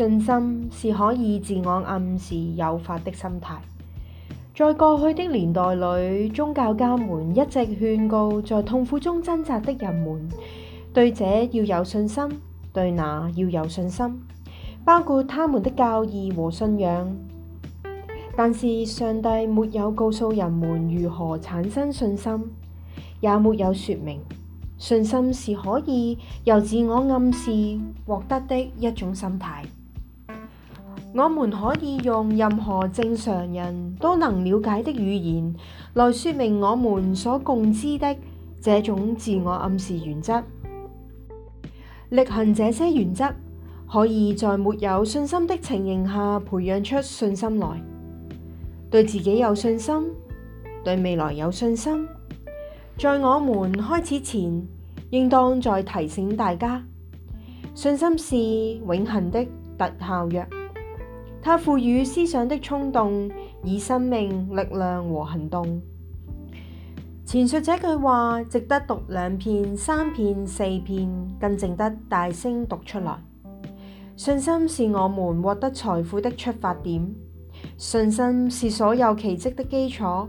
信心是可以自我暗示誘發的心態。在過去的年代裏，宗教家們一直勸告在痛苦中掙扎的人們，對這要有信心，對那要有信心，包括他們的教義和信仰。但是上帝沒有告訴人們如何產生信心，也沒有說明信心是可以由自我暗示獲得的一種心態。我們可以用任何正常人都能了解的語言來說明我們所共知的這種自我暗示原則。力行這些原則，可以在沒有信心的情形下培養出信心來，對自己有信心，對未來有信心。在我們開始前，應當再提醒大家：信心是永恒的特效藥。他賦予思想的衝動以生命、力量和行動。前述這句話值得讀兩遍、三遍、四遍，更值得大聲讀出來。信心是我們獲得財富的出發點，信心是所有奇蹟的基礎，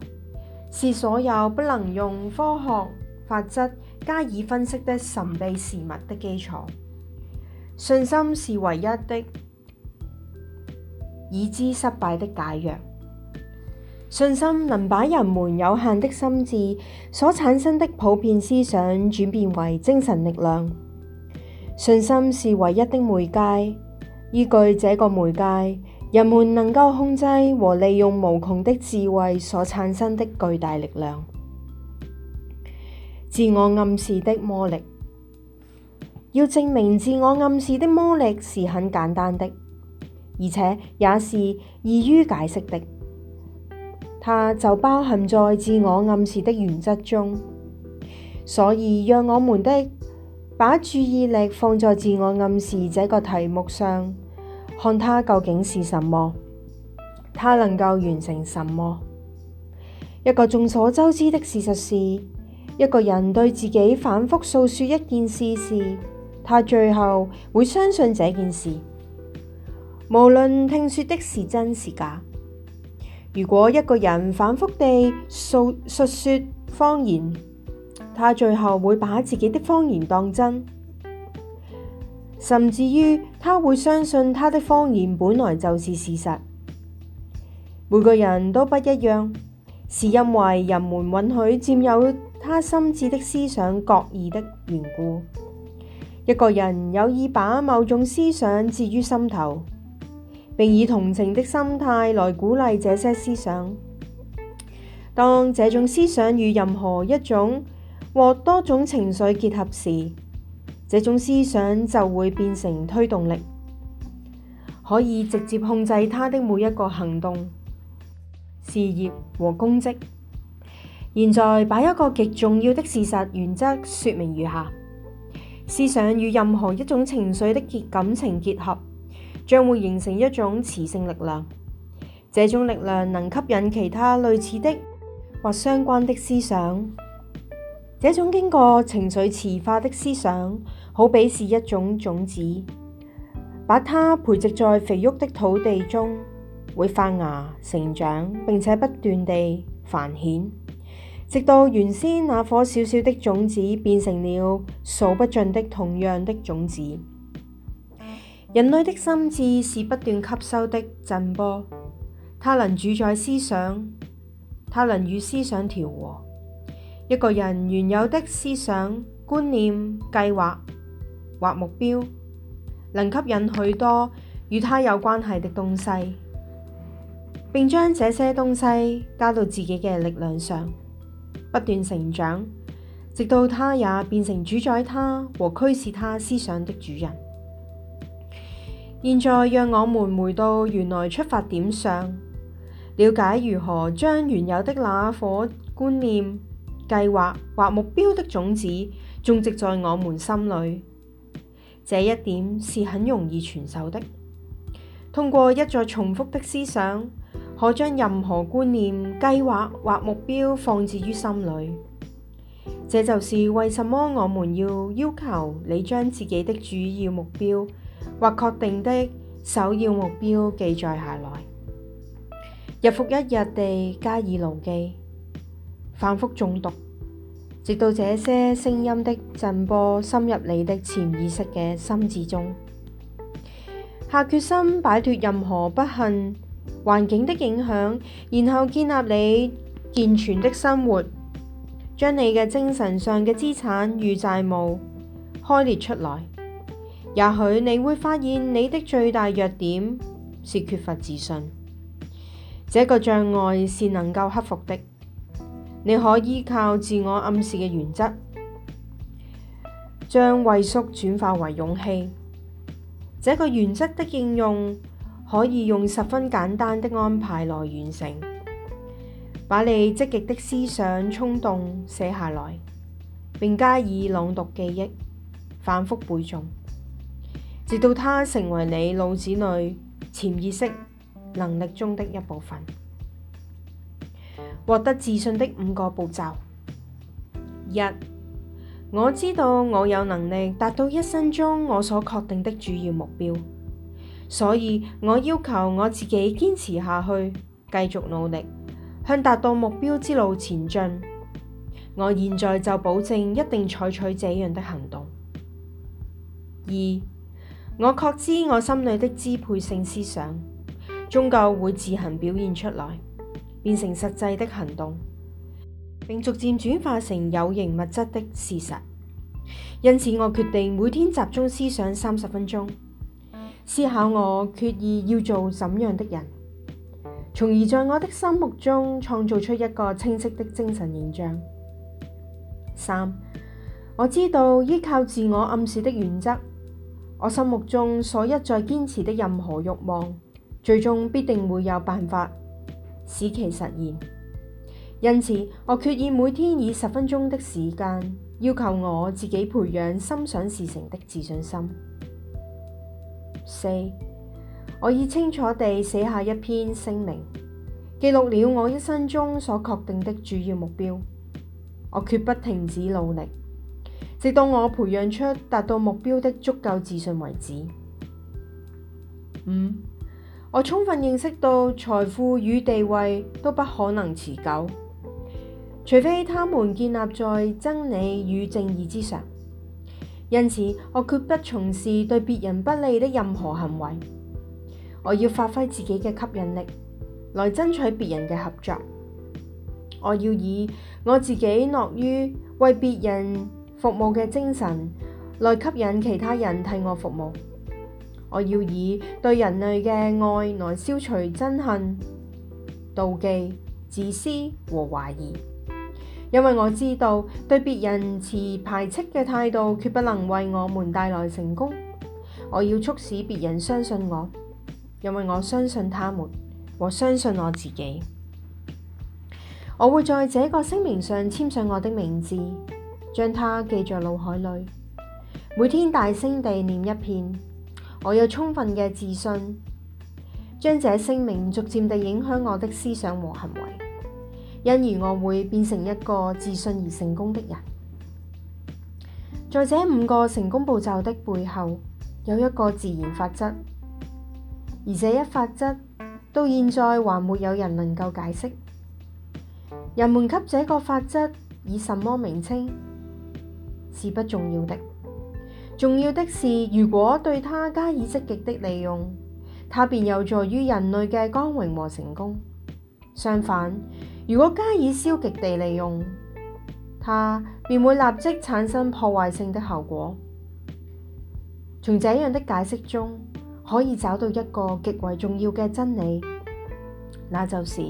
是所有不能用科學法則加以分析的神秘事物的基礎。信心是唯一的。已知失敗的解藥。信心能把人們有限的心智所產生的普遍思想轉變為精神力量。信心是唯一的媒介，依據這個媒介，人們能夠控制和利用無窮的智慧所產生的巨大力量。自我暗示的魔力。要證明自我暗示的魔力是很簡單的。而且也是易於解釋的，它就包含在自我暗示的原則中。所以，讓我們的把注意力放在自我暗示這個題目上，看它究竟是什麼，它能夠完成什麼。一個眾所周知的事實是，一個人對自己反覆訴說一件事時，他最後會相信這件事。無論聽說的是真是假，如果一個人反覆地述說謊言，他最後會把自己的謊言當真，甚至於他會相信他的謊言本來就是事實。每個人都不一樣，是因為人們允許佔有他心智的思想各異的緣故。一個人有意把某種思想置於心頭。並以同情的心態來鼓勵這些思想。當這種思想與任何一種或多種情緒結合時，這種思想就會變成推動力，可以直接控制他的每一個行動、事業和功績。現在把一個極重要的事實原則說明如下：思想與任何一種情緒的結感情結合。將會形成一種磁性力量，這種力量能吸引其他類似的或相關的思想。這種經過情緒磁化的思想，好比是一種種子，把它培植在肥沃的土地中，會發芽、成長，並且不斷地繁衍，直到原先那顆小小的種子變成了數不盡的同樣的種子。人類的心智是不斷吸收的震波，它能主宰思想，它能與思想調和。一個人原有的思想、觀念、計劃或目標，能吸引許多與他有關係的東西，並將這些東西加到自己嘅力量上，不斷成長，直到他也變成主宰他和驅使他思想的主人。現在讓我們回到原來出發點上，了解如何將原有的那顆觀念、計劃或目標的種子種植在我們心裏。這一點是很容易傳授的。通過一再重複的思想，可將任何觀念、計劃或目標放置於心裏。這就是為什麼我們要要求你將自己的主要目標。或確定的首要目標，記載下來，日復一日地加以牢記，反覆重讀，直到這些聲音的震波深入你的潛意識嘅心智中。下決心擺脫任何不幸環境的影響，然後建立你健全的生活，將你嘅精神上嘅資產與債務開列出來。也許你會發現你的最大弱點是缺乏自信。這個障礙是能夠克服的。你可以依靠自我暗示嘅原則，將畏縮轉化為勇氣。這個原則的應用可以用十分簡單的安排來完成。把你積極的思想衝動寫下來，並加以朗讀記憶，反覆背誦。直到它成為你腦子裡潛意識能力中的一部分。獲得自信的五個步驟：一，我知道我有能力達到一生中我所確定的主要目標，所以我要求我自己堅持下去，繼續努力，向達到目標之路前進。我現在就保證一定採取這樣的行動。二。我確知我心裏的支配性思想終究會自行表現出來，變成實際的行動，並逐漸轉化成有形物質的事實。因此，我決定每天集中思想三十分鐘，思考我決意要做怎樣的人，從而在我的心目中創造出一個清晰的精神形象。三，我知道依靠自我暗示的原則。我心目中所一再堅持的任何慾望，最終必定會有辦法使其實現。因此，我決意每天以十分鐘的時間，要求我自己培養心想事成的自信心。四，我已清楚地寫下一篇聲明，記錄了我一生中所確定的主要目標。我決不停止努力。直到我培養出達到目標的足夠自信為止。五，mm. 我充分認識到財富與地位都不可能持久，除非他們建立在真理與正義之上。因此，我決不從事對別人不利的任何行為。我要發揮自己嘅吸引力，來爭取別人嘅合作。我要以我自己樂於為別人。服務嘅精神，來吸引其他人替我服務。我要以對人類嘅愛來消除憎恨、妒忌、自私和懷疑，因為我知道對別人持排斥嘅態度絕不能為我們帶來成功。我要促使別人相信我，因為我相信他們和相信我自己。我會在這個聲明上簽上我的名字。將它記在腦海裏，每天大聲地念一遍。我有充分嘅自信，將這聲明逐漸地影響我的思想和行為，因而我會變成一個自信而成功的人。在這五個成功步驟的背後，有一個自然法則，而這一法則到現在還沒有人能夠解釋。人們給這個法則以什麼名稱？是不重要的。重要的是，如果對它加以積極的利用，它便有助於人類嘅光榮和成功。相反，如果加以消極地利用，它便會立即產生破壞性的後果。從這樣的解釋中，可以找到一個極為重要嘅真理，那就是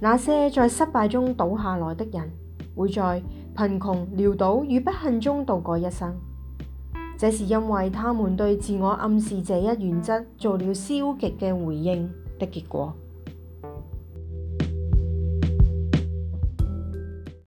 那些在失敗中倒下來的人，會在。貧窮、潦倒與不幸中度過一生，這是因為他們對自我暗示這一原則做了消極嘅回應的結果。